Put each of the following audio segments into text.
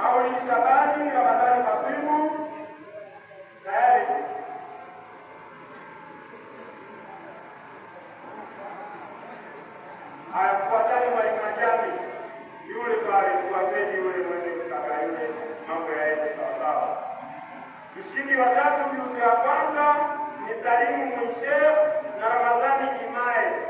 Mauli Ramadhani Kakwimu tayari. Afuatani Mwalimu yule pale, fuateni yule mweze kutaka mambo yaende sawasawa. Mshindi wa juzi ya kwanza ni Salimu Mwishe na Ramadhani Jimae.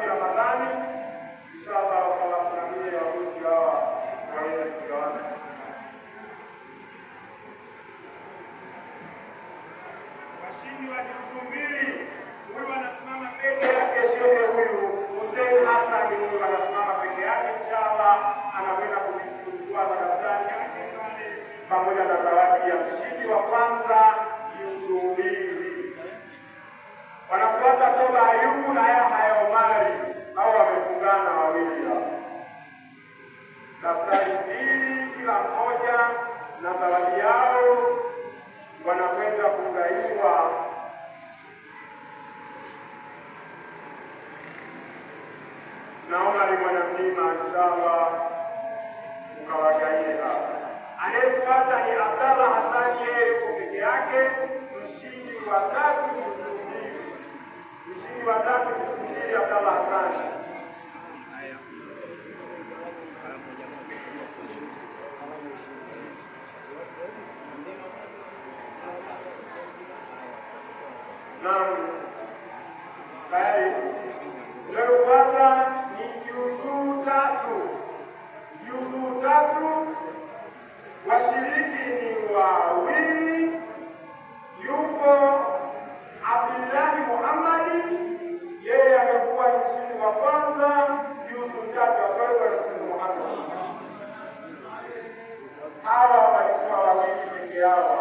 hadi Ramadhani, insha Allah watawasimamia hawa waweze kugawana. Washindi wa elfu mbili huyu anasimama peke yake, shehe huyu Hussein Hassan huyu anasimama peke yake, insha Allah anaweza madaftari yake pamoja na zawadi ya mshindi wa kwanza Naona ni Bwana mlima inshallah, ukawagaie hapa. Anayefuata ni Abdallah Hasani, yeye yuko peke yake, mshindi wa tatu nusu mshindi wa tatu nusu mbili, Hasani. Naam, tayari Inayofuata ni juzuu tatu. Juzuu tatu, washiriki ni wawili, yupo Abdullahi Muhammadi, yeye amekuwa mshindi wa kwanza juzuu tatu aaa Muhammad. Hawa walikuwa wawili peke yao.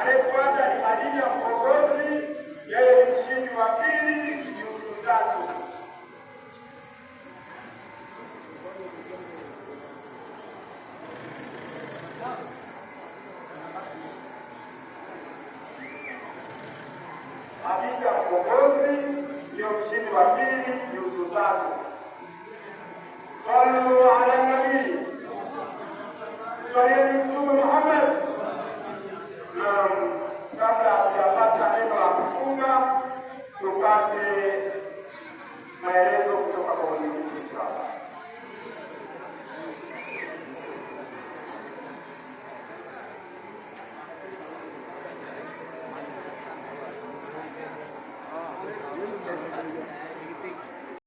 Anayefuata ni madini ya mkombozi, yeye mshindi wa pili, ni utu tatu. Madini ya mkombozi ndiyo mshindi wa pili, ni utu tatu. Sallu ala nabii, swalieni Mtume Muhammad